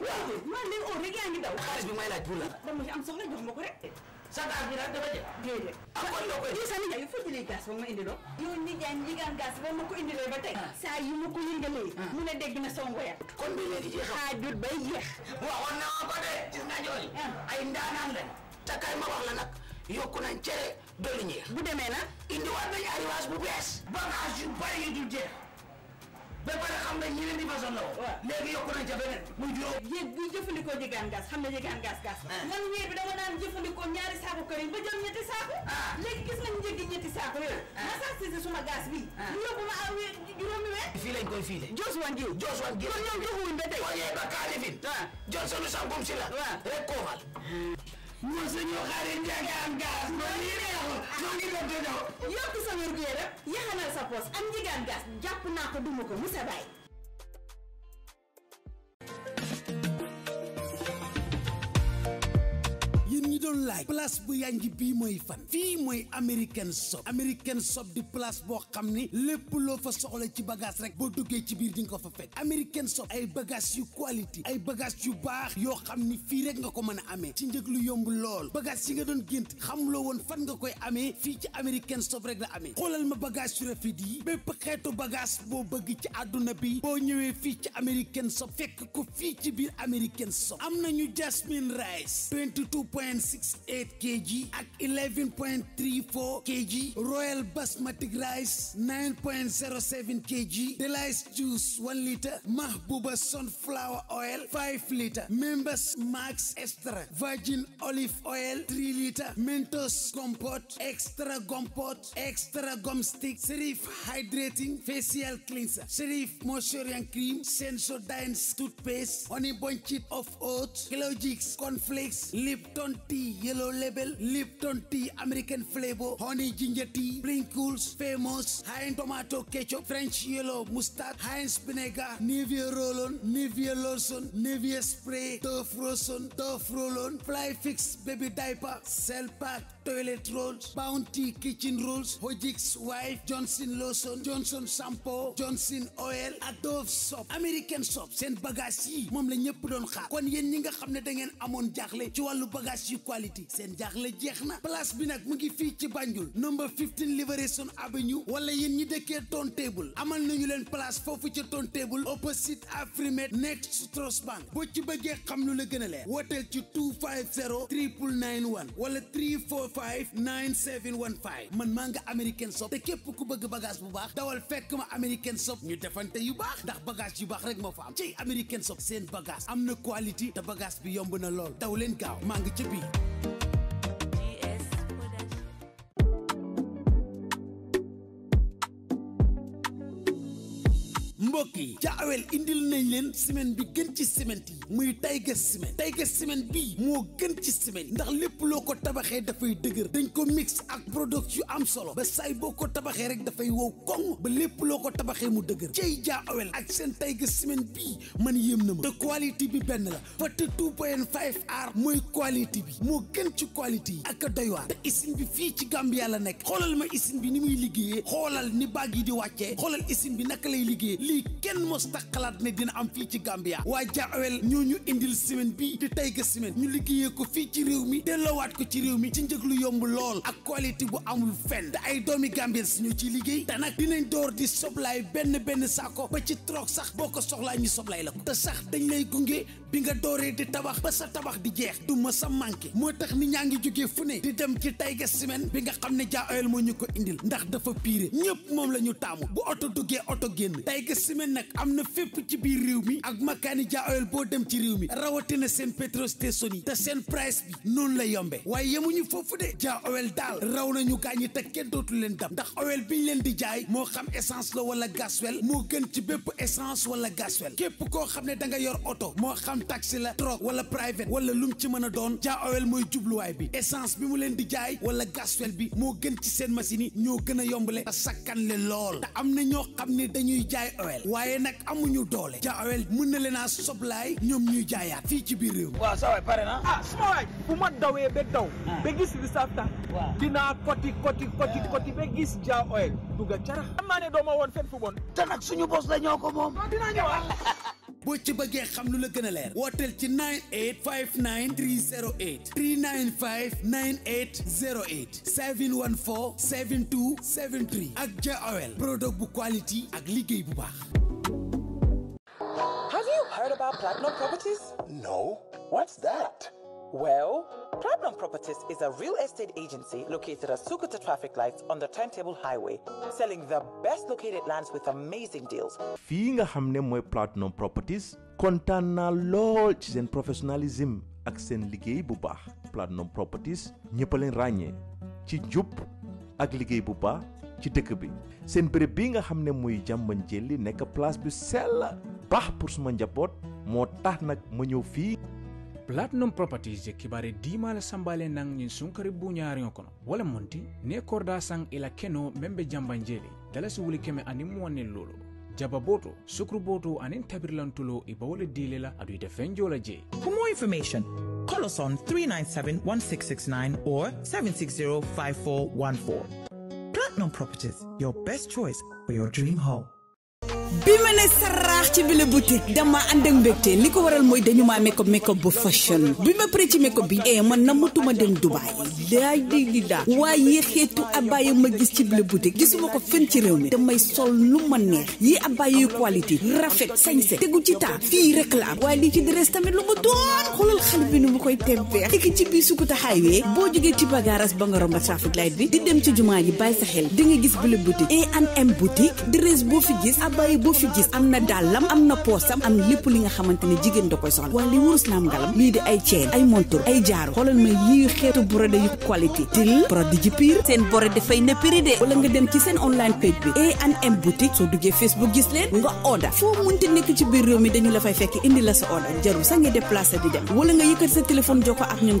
waaw man léegi oo rek yaa ngi daw. xaalis bi am soxla jox ma ko rek. sa taal bi daal dama jël. déedéet. ah kon yow koy. sa nijaay foo jëlee gaz ba ma indiloo. yow nijaay gaz ba ma ko indiloo ba tey. saa yi ma ko ne dégg na sama kon bi léegi jeexam. xaajut bay jeex. waxoon naa ko de gis nga ñooñu. ay ndaanaan lañ. te kay bu demee na. indiwaat beni arrivage bu bees. bagage azıcık bari yu ba pare xam nga ñeneen ñi façon la ko. waaw léegi yokku nañ ca beneen muy juróom. yéen bu jëfandikoo jëgaan gas xam ne jëgaan gas gas. Ah. man weer bi dama daan jëfandikoo ñaari saako kër yi ba jël ñetti saako. Ah. léegi gis nañ njëg ñetti saako yooyu. Ah. ma sax suma gas bi. yóbbu ma aw juróomi weer. fii lañ koy fiile. Jos wan ji Jos wan ji kon ñoom joxuwuñ ba tey. boo ñëwee ba Kaalifin. waaw jël sunu sangum si la. waaw rek koo xal. ñun suñu xarit Ndiagane Gaz. ñoo ngi neexul ñoo ngi doon doon. yokk sa wér gu yaram yaxanal sa poos am Ndiagane Gaz jàpp naa ko duma ko mu sa bàyyi. doon laaj place bu yànj bii mooy fan fii mooy American Shop American Shop di place boo xam ni lépp loo fa soxla ci bagage rek boo duggee ci biir di ko fa fekk American Shop ay bagage yu quality ay bagage yu baax yoo xam ni fii rek nga ko mën amee ci njëg lu yomb lool bagage yi nga doon gént xamuloo woon fan nga koy amee fii ci American Shop rek la amee xoolal ma bagage yu rafet yi bépp xeetu bagage boo bëgg ci àdduna bi boo ñëwee fii ci American Shop ko fii ci biir American Shop am nañu jasmine rice eight kg ak 11.34 kg royal basmati rice 9.07 kg delice juice 1 litre mahbuba sunflower oil 5 litre members max extra virgin olive oil 3 litre mentos compote extra compote extra gum stick serif hydrating facial cleanser serif moisturizing cream sensodyne toothpaste honey bunch of oats Kilogix cornflakes Lipton tea yellow label, Lipton tea, American flavor, honey ginger tea, Pringles, famous, high tomato ketchup, French yellow mustard, high vinegar, Nivea roll-on, Nivea lotion, Nivea spray, Turf lotion, Turf roll-on, Fly Fix baby diaper, Cell pack, toilet rolls, Bounty kitchen rolls, Hojik's wife, Johnson lotion, Johnson shampoo, Johnson oil, Adobe soap, American soap, Saint bagage Mom moom la ñëpp doon xaar kon yéen ñi nga xam ne quality seen jaaxle jeex na place bi nag mu ngi fii ci Banjul number 15 Liberation Avenue wala yéen ñi dëkkee Ton Table amal nañu leen place foofu ca Ton Table opposite Afrimet net Trust Bank boo ci bëggee xam lu la gën a leer wooteel ci 250 9991 wala 345 9715 man maa ngi American Shop te képp ku bëgg bagage bu baax dawal fekk ma American Shop ñu defante yu baax ndax bagage yu baax rek moo fa am ci American Shop seen bagage am na quality te bagage bi yomb na lool daw leen gaaw maa ngi ca mbokk yi jaawel indil nañ leen semaine bi gën ci semaine yi muy Tiger Cement Tiger Cement bii moo gën ci semaine yi ndax lépp loo ko tabaxee dafay dëgër dañ ko mix ak product yu am solo ba saay boo ko tabaxee rek dafay wow koŋ ba lépp loo ko tabaxee mu dëgër jaa jaawel ak seen Tiger Cement bi man yéem na ma te quality bi benn la forty two point five R mooy quality bi moo gën ci quality yi ak doy waar te usine bi fii ci Gambia la nekk xoolal ma usine bi ni muy liggéeyee xoolal ni baag yi wàccee xoolal usine bi naka lay liggéeyee lii kenn mos taxalaat ne dina am fii ci Gambia waa jaawel ñoo ñu indil semaine bii di Taiga semaine ñu liggéeyee ko fii ci réew mi delloowaat ko ci réew mi ci njëglu yomb lool ak qualité bu amul fenn te ay doomi Gambien si ñoo ciy liggéey te nag dinañ door di soblaay benn benn saako ba ci troog sax boo ko soxlaa ñu soblaay la ko te sax dañ lay gunge bi nga dooree di tabax ba sa tabax di jeex du ma sa manqué moo tax ni ñaa ngi jógee fu ne di dem ci Taiga semaine bi nga xam ne jaawel moo ñu ko indil ndax dafa piire ñëpp moom la ñu taamu bu oto duggee oto génn phénomène nag am na fépp ci biir réew mi ak makkaani ja oil boo dem ci réew mi rawatina seen pétrole station seen price bi noonu la yombee waaye yemuñu foofu de ja oil daal raw nañu gaañi te kenn dootu leen dab ndax oil biñ leen di jaay moo xam essence la wala gasoil moo gën ci bépp essence wala gasoil képp koo xam ne da nga yor oto moo xam taxi la troc wala private wala lum ci mën a doon ja owel mooy jubluwaay bi essence bi mu leen di jaay wala gasoil bi moo gën ci seen machine yi ñoo gën a yombale te sakkan le lool te am na ñoo xam ne dañuy jaay owel waaye nag amuñu doole jaawel mën na leena a soblaay ñoom ñuy jaayaat fii ci biir réew waaw sa waay pare na ah suma waay bu ma dawee ba daw ah. ba gis risafta dinaa koti gis jaa oil dugga carax am naa ne dooma woon fen fu bon te nag suñu bos la ñoo ko moom dinaa ñëwaat boo ci bëggee xam lu la gën a leer wooteel ci 98 59 308 395 98 08 714 72 73 ak Jaawel produit bu quality ak liggéey bu baax about Platinum Properties? No. What's that? Well, Platinum Properties is a real estate agency located at Sukuta traffic lights on the Turntable Highway, selling the best located lands with amazing deals. Fiinga hamne xam Platinum Properties kontaan naa lool ci seen professionnalism ak seen liggéey bu baax Platinum Properties ñëpp a leen ràññee ci njub ak liggéey bu baax ci dëkk bi seen béréb bii nga xam muy jàmban jëlli nekk place bu sell baax pour suma njaboot moo tax nag ma ñëw fii platinum properties je kibare dimal sambale nang ñin sunkari buñaariŋo kono wala monti ne korda sang ila keno meŋ be jambanjeeli dalasi wuli keme aniŋ muwanniŋ luulu jaba boto sukuru boto aniŋ tabirilantulo i bawole diile la adu ite feŋ la jee for more information call us on 397-1669 or 760-5414 platinum properties your best choice for your dream home bi ma ne sarax ci bi la boutique dama and ak mbégte liko waral moy dañu ma make up make up bu fashion bi ma ci make up bi eh man namatuma dem dubai day di di da waye xeetu abaye ma gis ci bi la boutique gisuma ko fenn ci réew mi damay sol lu ma neex yi abaye yu quality rafet sañse tegu ci ta fi rek la am li ci dress tamit lu mu doon xolal xal bi nu mu koy tempee tekki ci suku ta highway bo jógee ci bagaras ba nga romba traffic light bi di dem ci jumaa ji bàyyi sa xel di nga gis bi la boutique m boutique dress boo fi gis abaye boo fi gis am na dàllam am na poosam am lépp li nga xamante jigéen da koy soxla wala li wurus ngalam lii di ay ceen ay montur ay jaaru xoolal ma yii xeetu brodé yu qualité til brodé ji piir seen brodé fay na prix de wala nga dem ci seen online page bi e an m boutique soo duggee facebook gis leen nga oda foo munti nekk ci biir réew mi dañu la fay fekk indi la sa oda jarul sax nga déplacé di dem wala nga yëkkat sa téléphone jokkoo ak ñoom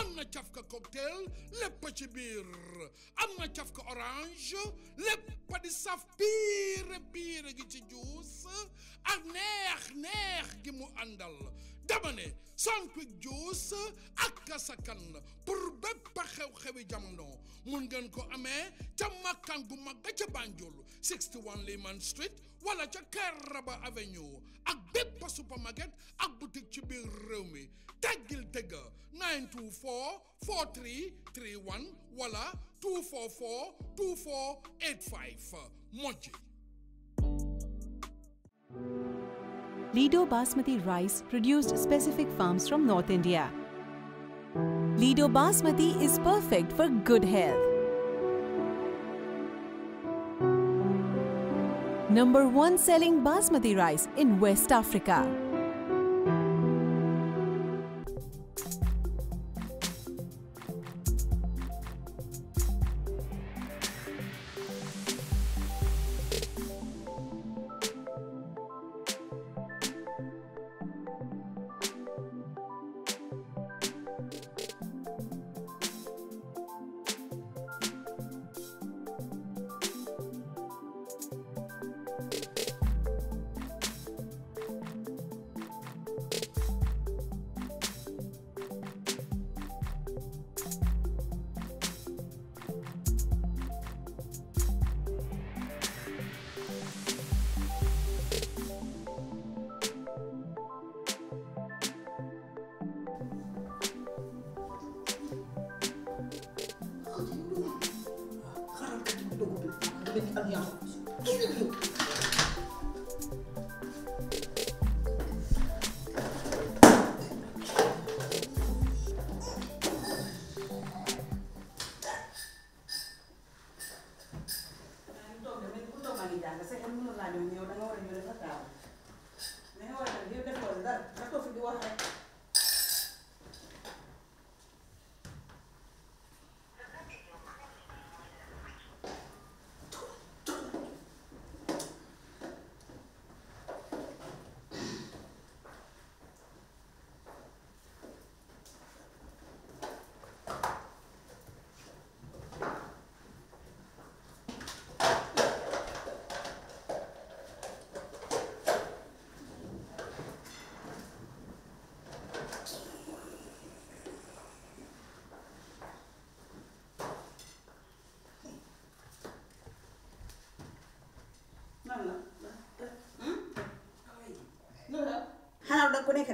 am na cafka cocktail lépp ci biir am na cafka orange lépp di saf biir biir gi ci juus ak neex neex gi mu àndal dama ne Sunquick juice ak kasakan pour bépp xew-xewi jamono mun ngeen ko amee ca màkkaan gu 61 Lehman Street wala ca Avenue ak supermarket ak boutique ci biir réew 924 4331 wala 244 2485 moji Lido basmati rice produced specific farms from North India. Lido basmati is perfect for good health. number one selling basmati rice in West Africa.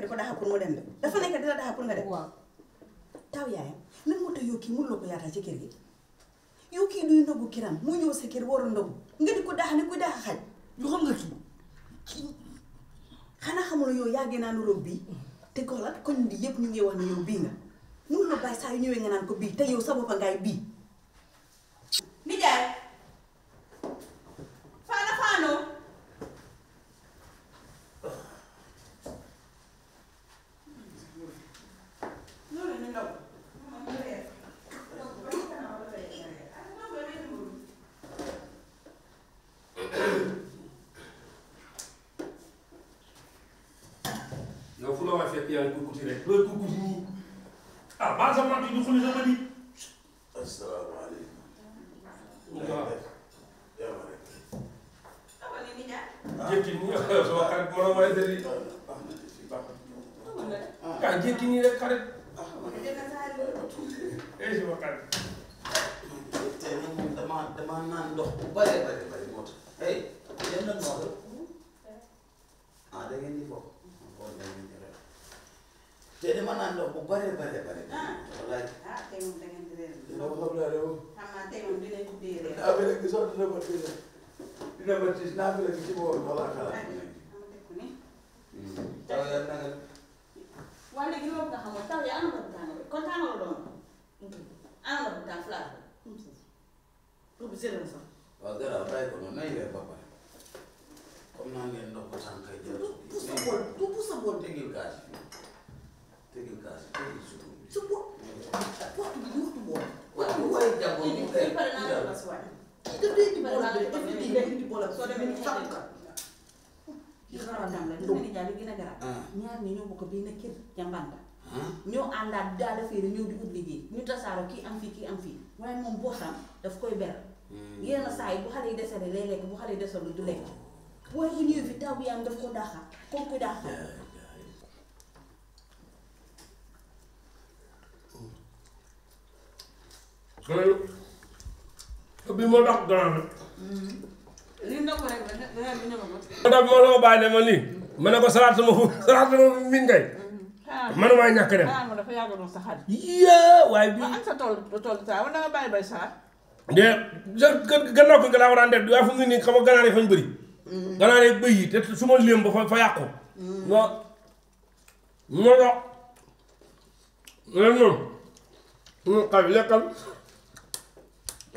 nekk di ko daxa pour mu dem de dafa nekk di la daxa pour nga dem. waaw taw yaayam lan moo tax yow kii mënuloo ko yaatal ci kër gi yow kii duy ndogu kiram mu ñëw sa kër warul ndogu nga di ko daxa ne ko daxa xaj lu xam nga kii xanaa xamuloo yow yàggee naa nuróog bii te ko la koñ bi yëpp ñu ngi wax ne yow bii nga mënuloo bàyyi saa yu ñëwee nga naan ko bii te yow sa bopp ngay bii. nijaay. nga fu la waay fekk yaa ngi gurguti rek looy gurguti nii ah maa sama di ñu xuli sama di. asalaamaaleykum. waaw. yàlla rek. jékki nii sama xarit ma la may dëri. ah jékki nii rek xarit. eh sama xarit. te nag moom damaa damaa naan ndox bu bare bare. bare bare bare. Ah. walaay. ah tey moom da ngeen di réer. dina ko xam laa réew. xam ah, naa tey moom dinañ ko dee réer. naa bëri gi sax dina ko dee réer. dina ko tiis naa bëri gi ci boobu noonu laa xalaat. taw yaa na nga. waaye léegi loolu nga xamoon taw yaa am na bu tàng bi kon tàng la doon. am na bu tàng flash. pour bu zéro sax. waaw gannaaw bàyyi ko noonu nañ leen ba pare. comme naa ngeen ndox ko sànq jël. tout sa bool tout sa bool tegil gaz bi. ñaar ñi ñoo bokk benn kër ca mbanda ñoo àndaat daal féeri ñëw di ut liggéey ñu tasaaro kii am fii kii am fii waaye moom boo xam daf koy ber yenn saa yi bu xale yi desale lay lekk bu xale yi desalu du lekk waaye bu ñëwee fi taw bi yaam daf ko daaxa comme ku daaxa bi moo tax ba ne ma tax moo la ma bàyyi ne ma lii. ma ne ko salaat sama fu salaat sama miin ngay. Ah. man maa ñàkk dem ah sa xarit. yee waaye bii. ak sa tool toolu saa wala nga bàyyi bay saa. de gannaaw ko nga laa war a def waaye fu mu nii xam ganaar yi fañ bëri. Mm-hmm. ganaar yi bëy yi te su ma léem ba fa fa yàqu. non non loolu noonu. xaw lekkal.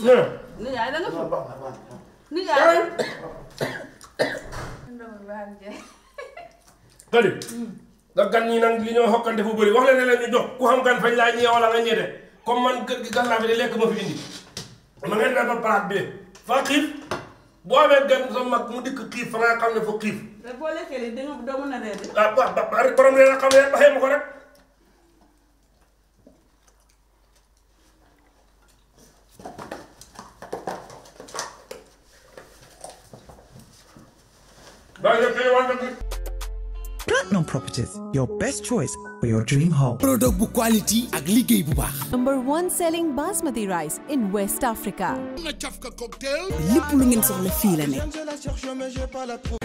nijaay da nga fóot nijaay. kër da gan ñi nag li ñoo xokkante fu bëri wax la ne ñu jox ku xam gan fañ laa ñee wala nga ñeete comme man kër gi gan laa fi di lekk ma fi indi ma ngeen defar palaat bi fa xiif boo amee gan sa mag mu dikk xiif fa nga xam ne fa xiif. mais boo lekkee lii doo mën a reer de. ah ba ba ba xam ne ko rek. Platinum Properties, your best choice for your dream home. Product bu quality ak liggéey bu baax. Number one selling basmati rice in West Africa. Na cafka cocktail. Lépp lu ngeen soxla fii la nekk.